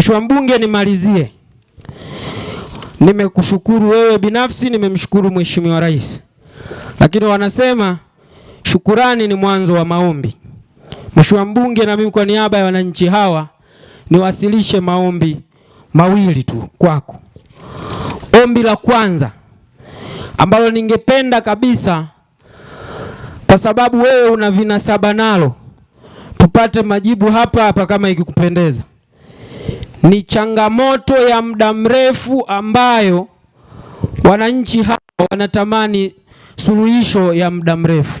Mheshimiwa Mbunge, nimalizie, nimekushukuru wewe binafsi, nimemshukuru Mheshimiwa Rais, lakini wanasema shukurani ni mwanzo wa maombi. Mheshimiwa Mbunge, na mimi kwa niaba ya wananchi hawa niwasilishe maombi mawili tu kwako. Ombi la kwanza ambalo ningependa kabisa, kwa sababu wewe una vinasaba nalo, tupate majibu hapa hapa kama ikikupendeza ni changamoto ya muda mrefu ambayo wananchi hawa wanatamani suluhisho ya muda mrefu,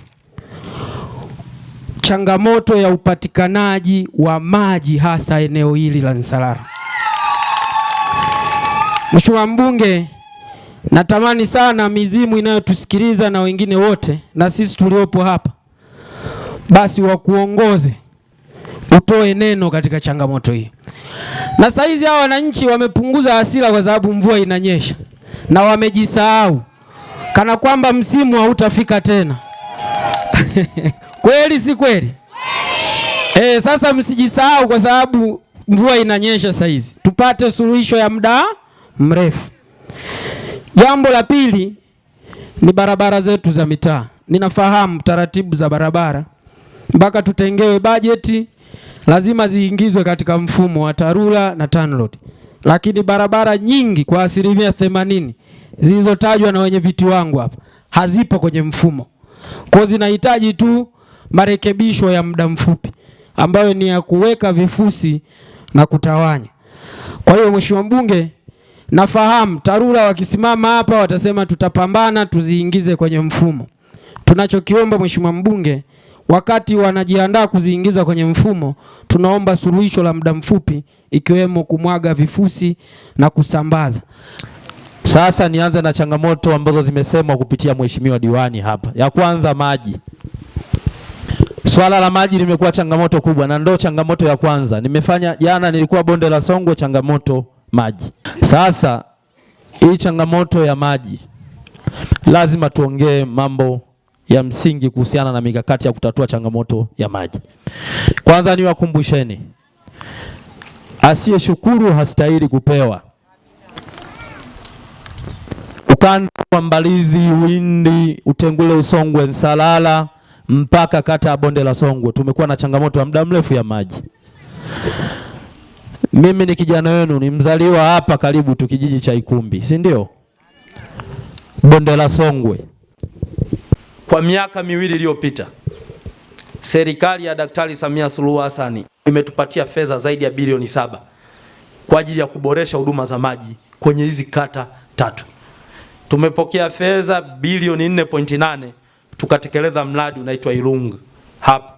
changamoto ya upatikanaji wa maji hasa eneo hili la Nsalala. Mheshimiwa Mbunge, natamani sana mizimu inayotusikiliza na wengine wote na sisi tuliopo hapa, basi wakuongoze utoe neno katika changamoto hii. Na saizi hawa wananchi wamepunguza hasira kwa sababu mvua inanyesha na wamejisahau kana kwamba msimu hautafika tena. Kweli si kweli? E, sasa msijisahau kwa sababu mvua inanyesha saizi, tupate suluhisho ya muda mrefu. Jambo la pili ni barabara zetu za mitaa. Ninafahamu taratibu za barabara mpaka tutengewe bajeti lazima ziingizwe katika mfumo wa TARURA na TANROADS. Lakini barabara nyingi kwa asilimia themanini zilizotajwa na wenye viti wangu hapa hazipo kwenye mfumo, kwa zinahitaji tu marekebisho ya muda mfupi ambayo ni ya kuweka vifusi na kutawanya. Kwa hiyo Mheshimiwa Mbunge, nafahamu TARURA wakisimama hapa watasema tutapambana tuziingize kwenye mfumo. Tunachokiomba Mheshimiwa Mbunge Wakati wanajiandaa kuziingiza kwenye mfumo, tunaomba suluhisho la muda mfupi, ikiwemo kumwaga vifusi na kusambaza. Sasa nianze na changamoto ambazo zimesemwa kupitia mheshimiwa diwani hapa. Ya kwanza maji. Swala la maji limekuwa changamoto kubwa na ndo changamoto ya kwanza. Nimefanya jana, nilikuwa bonde la Songwe, changamoto maji. Sasa hii changamoto ya maji lazima tuongee mambo ya msingi kuhusiana na mikakati ya kutatua changamoto ya maji. Kwanza niwakumbusheni, asiyeshukuru hastahili kupewa. Ukanda wa Mbalizi, Windi, Utengule, Usongwe, Nsalala mpaka kata ya bonde la Songwe tumekuwa na changamoto ya muda mrefu ya maji. Mimi ni kijana wenu, ni mzaliwa hapa karibu tu kijiji cha Ikumbi, si ndio? Bonde la Songwe kwa miaka miwili iliyopita, serikali ya Daktari Samia Suluhu Hassan imetupatia fedha zaidi ya bilioni saba kwa ajili ya kuboresha huduma za maji kwenye hizi kata tatu. Tumepokea fedha bilioni 4.8 tukatekeleza mradi unaitwa Ilungu hapo,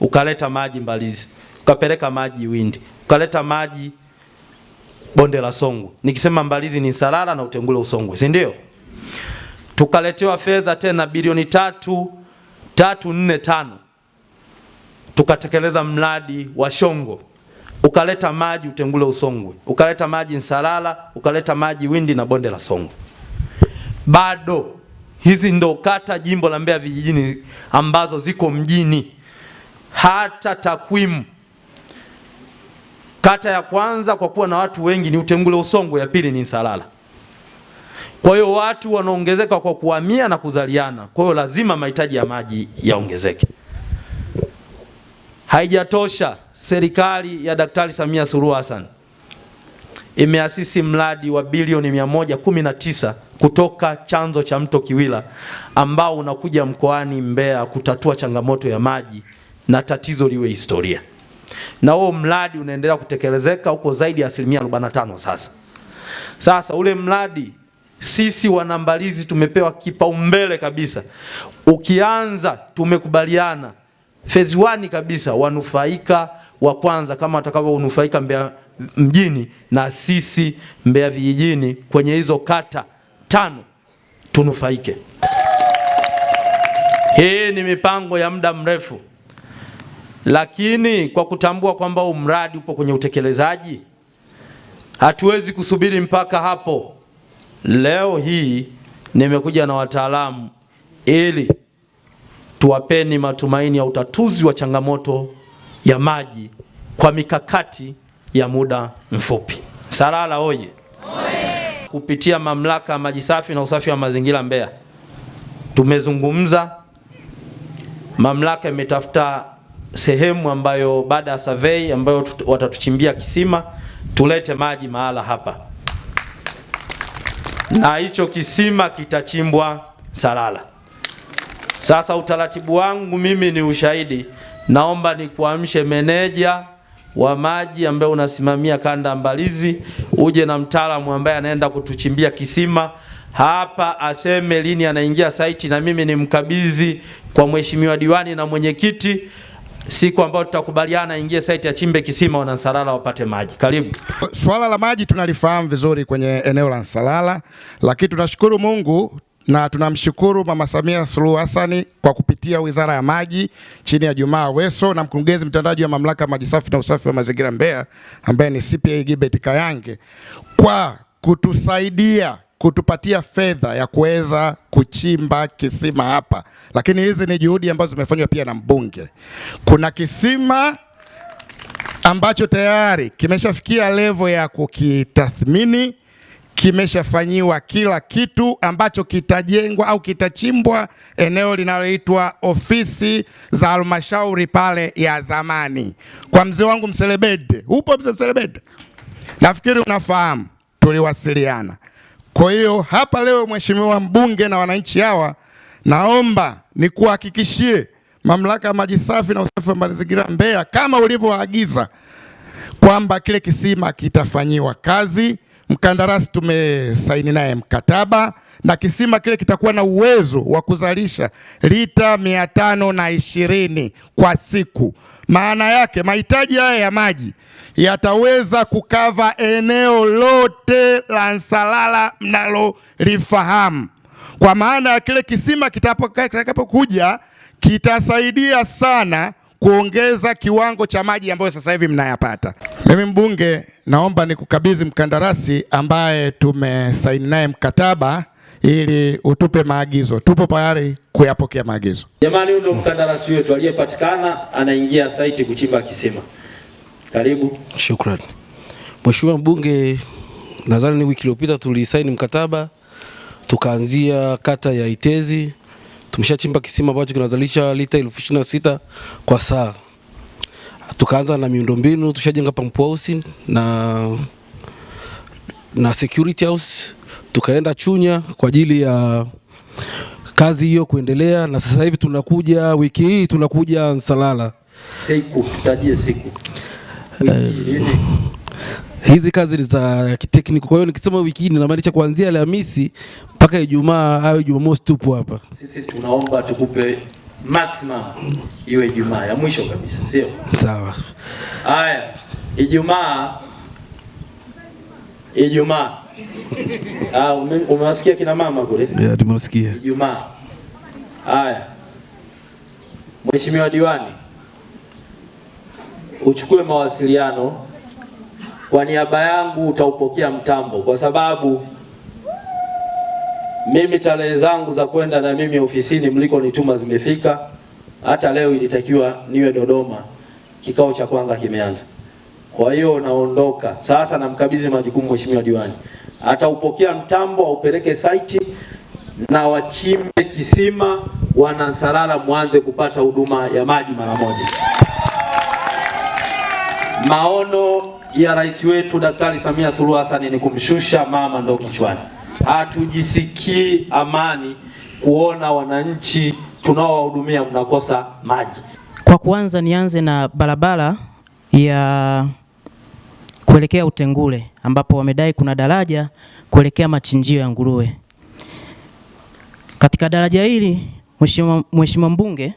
ukaleta maji Mbalizi, ukapeleka maji Windi, ukaleta maji bonde la Songwe. Nikisema Mbalizi ni Salala na Utengule Usongwe, si ndio? tukaletewa fedha tena bilioni tatu tatu nne tano tukatekeleza mradi wa Shongo ukaleta maji Utengule Usongwe, ukaleta maji Nsalala, ukaleta maji Windi na bonde la Songwe. Bado hizi ndo kata jimbo la Mbeya vijijini ambazo ziko mjini. Hata takwimu, kata ya kwanza kwa kuwa na watu wengi ni Utengule Usongwe, ya pili ni Nsalala. Kwa hiyo watu wanaongezeka kwa kuhamia na kuzaliana, kwa hiyo lazima mahitaji ya maji yaongezeke. Haijatosha, serikali ya Daktari Samia Suluhu Hassan imeasisi mradi wa bilioni 119 kutoka chanzo cha mto Kiwila ambao unakuja mkoani Mbeya kutatua changamoto ya maji na tatizo liwe historia, na huo mradi unaendelea kutekelezeka huko zaidi ya asilimia 45 sasa. Sasa ule mradi sisi wanambalizi tumepewa kipaumbele kabisa. Ukianza tumekubaliana phase 1 kabisa, wanufaika wa kwanza kama watakavyonufaika Mbeya mjini na sisi Mbeya vijijini kwenye hizo kata tano tunufaike. Hii ni mipango ya muda mrefu, lakini kwa kutambua kwamba huu mradi upo kwenye utekelezaji, hatuwezi kusubiri mpaka hapo. Leo hii nimekuja na wataalamu ili tuwapeni matumaini ya utatuzi wa changamoto ya maji kwa mikakati ya muda mfupi. Salala oye, Kupitia mamlaka ya maji safi na usafi wa mazingira Mbeya tumezungumza, mamlaka imetafuta sehemu ambayo baada ya survey ambayo watatuchimbia kisima tulete maji mahala hapa na hicho kisima kitachimbwa Salala. Sasa utaratibu wangu mimi ni ushahidi, naomba nikuamshe meneja wa maji ambaye unasimamia kanda Mbalizi, uje na mtaalamu ambaye anaenda kutuchimbia kisima hapa, aseme lini anaingia saiti, na mimi ni mkabidhi kwa mheshimiwa diwani na mwenyekiti siku ambayo tutakubaliana ingie site ya chimbe kisima wana Nsalala wapate maji. Karibu. Swala la maji tunalifahamu vizuri kwenye eneo la Nsalala, lakini tunashukuru Mungu na tunamshukuru Mama Samia Suluhu Hassani kwa kupitia Wizara ya Maji chini ya Jumaa Aweso na mkurugenzi mtendaji wa Mamlaka Maji Safi na Usafi wa Mazingira Mbeya ambaye ni CPA gibet Kayange kwa kutusaidia kutupatia fedha ya kuweza kuchimba kisima hapa, lakini hizi ni juhudi ambazo zimefanywa pia na mbunge. Kuna kisima ambacho tayari kimeshafikia levo ya kukitathmini, kimeshafanyiwa kila kitu ambacho kitajengwa au kitachimbwa eneo linaloitwa ofisi za halmashauri pale ya zamani, kwa mzee wangu Mselebede. Upo mzee Mselebede? Nafikiri unafahamu tuliwasiliana. Kwa hiyo hapa leo, mheshimiwa mbunge na wananchi hawa, naomba nikuhakikishie mamlaka ya maji safi na usafi wa mazingira Mbeya kama ulivyoagiza kwamba kile kisima kitafanyiwa kazi. Mkandarasi tumesaini naye mkataba na kisima kile kitakuwa na uwezo wa kuzalisha lita mia tano na ishirini kwa siku. Maana yake mahitaji haya ya maji yataweza kukava eneo lote la Nsalala mnalolifahamu, kwa maana ya kile kisima kitakapokuja kitasaidia sana kuongeza kiwango cha maji ambayo sasa hivi mnayapata. Mimi mbunge, naomba nikukabidhi mkandarasi ambaye tumesaini naye mkataba ili utupe maagizo. Tupo tayari kuyapokea maagizo. Jamani, huyu mkandarasi wetu aliyepatikana anaingia saiti kuchimba kisima. Karibu. Shukrani. Mheshimiwa Mbunge, nadhani ni wiki iliyopita tulisaini mkataba tukaanzia kata ya Itezi, tumeshachimba kisima ambacho kinazalisha lita elfu ishirini na sita kwa saa. Tukaanza na miundombinu, tushajenga pump house na, na security house. Tukaenda Chunya kwa ajili ya kazi hiyo kuendelea, na sasa hivi tunakuja wiki hii tunakuja Nsalala siku tutajie siku Eh, hizi kazi ni za kitekniko. Kwa hiyo nikisema wiki hii ninamaanisha kuanzia Alhamisi mpaka Ijumaa au Jumamosi tupo hapa. Sisi tunaomba tukupe maximum iwe Ijumaa ya mwisho kabisa, sio sawa? Haya, Ijumaa, Ijumaa. Ah, umewasikia kina mama kule? Yeah, tumewasikia. Ijumaa. Haya, Mheshimiwa diwani uchukue mawasiliano kwa niaba yangu, utaupokea mtambo, kwa sababu mimi tarehe zangu za kwenda na mimi ofisini mliko nituma zimefika. Hata leo ilitakiwa niwe Dodoma, kikao cha kwanza kimeanza. Kwa hiyo naondoka sasa, namkabidhi majukumu mheshimiwa diwani, ataupokea mtambo, aupeleke saiti na wachimbe kisima, wanasalala mwanze kupata huduma ya maji mara moja. Maono ya rais wetu Daktari Samia Suluhu Hassan ni kumshusha mama ndo kichwani. Hatujisikii amani kuona wananchi tunaowahudumia mnakosa maji. Kwa kuanza, nianze na barabara ya kuelekea Utengule ambapo wamedai kuna daraja kuelekea machinjio ya nguruwe. Katika daraja hili Mheshimiwa mbunge,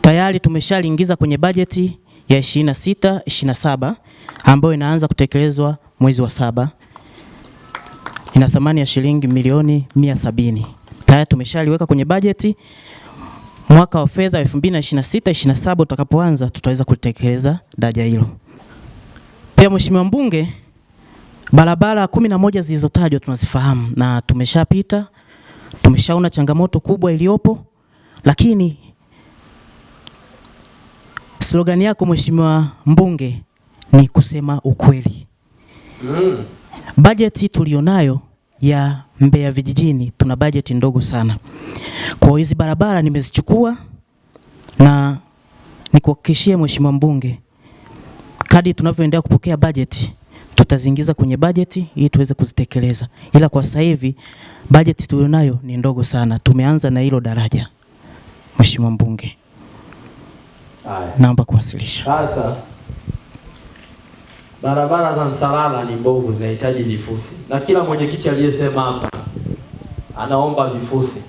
tayari tumeshaliingiza kwenye bajeti ya 26 27 ambayo inaanza kutekelezwa mwezi wa saba ina thamani ya shilingi milioni 170. Tayari tumeshaliweka kwenye bajeti. Mwaka wa fedha 2026 27 utakapoanza, tutaweza kulitekeleza daraja hilo. Pia Mheshimiwa Mbunge, barabara kumi na moja zilizotajwa tunazifahamu na tumeshapita, tumeshaona changamoto kubwa iliyopo, lakini Slogan yako Mheshimiwa Mbunge ni kusema ukweli. Mm. Bajeti tulionayo ya Mbeya vijijini tuna bajeti ndogo sana. Kwa hiyo hizi barabara nimezichukua na nikuhakikishie Mheshimiwa Mbunge, kadi tunavyoendelea kupokea bajeti tutaziingiza kwenye bajeti ili tuweze kuzitekeleza, ila kwa sasa hivi bajeti tulionayo ni ndogo sana. Tumeanza na hilo daraja, Mheshimiwa Mbunge. Haya. Naomba kuwasilisha. Sasa barabara za Nsalala ni mbovu, zinahitaji vifusi, na kila mwenyekiti aliyesema hapa anaomba vifusi.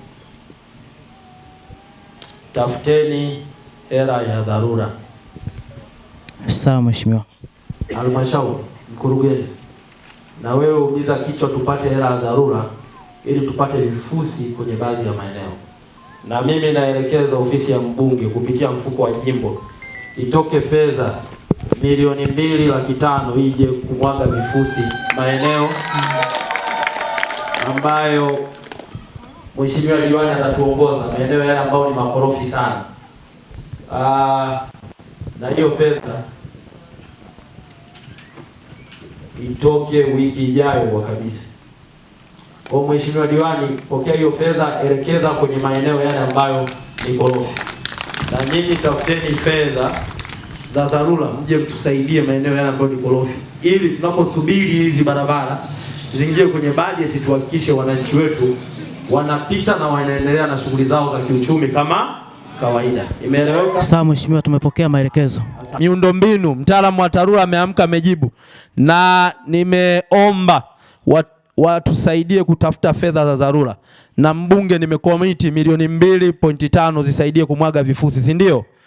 Tafuteni hela ya dharura. Sawa mheshimiwa. Halmashauri, mkurugenzi, na wewe umiza kichwa tupate hela ya dharura ili tupate vifusi kwenye baadhi ya maeneo na mimi naelekeza ofisi ya mbunge kupitia mfuko wa jimbo itoke fedha milioni mbili laki tano ije kumwaga vifusi maeneo ambayo mheshimiwa diwani atatuongoza, maeneo yale ambayo ni makorofi sana. Aa, ah, na hiyo fedha itoke wiki ijayo kwa kabisa. Kwa mheshimiwa diwani, pokea hiyo fedha, elekeza kwenye maeneo yale ambayo ni korofi, na nyinyi tafuteni fedha za dharura mje mtusaidie maeneo yale ambayo ni korofi, ili tunaposubiri hizi barabara zingie kwenye bajeti tuhakikishe wananchi wetu wanapita na wanaendelea na shughuli zao za kiuchumi kama kawaida. Imeeleweka? Sawa mheshimiwa, tumepokea maelekezo. Miundombinu, mtaalamu wa TARURA ameamka amejibu, na nimeomba wat watusaidie kutafuta fedha za dharura, na mbunge nimekomiti milioni mbili zisaidie kumwaga vifusi, si ndio?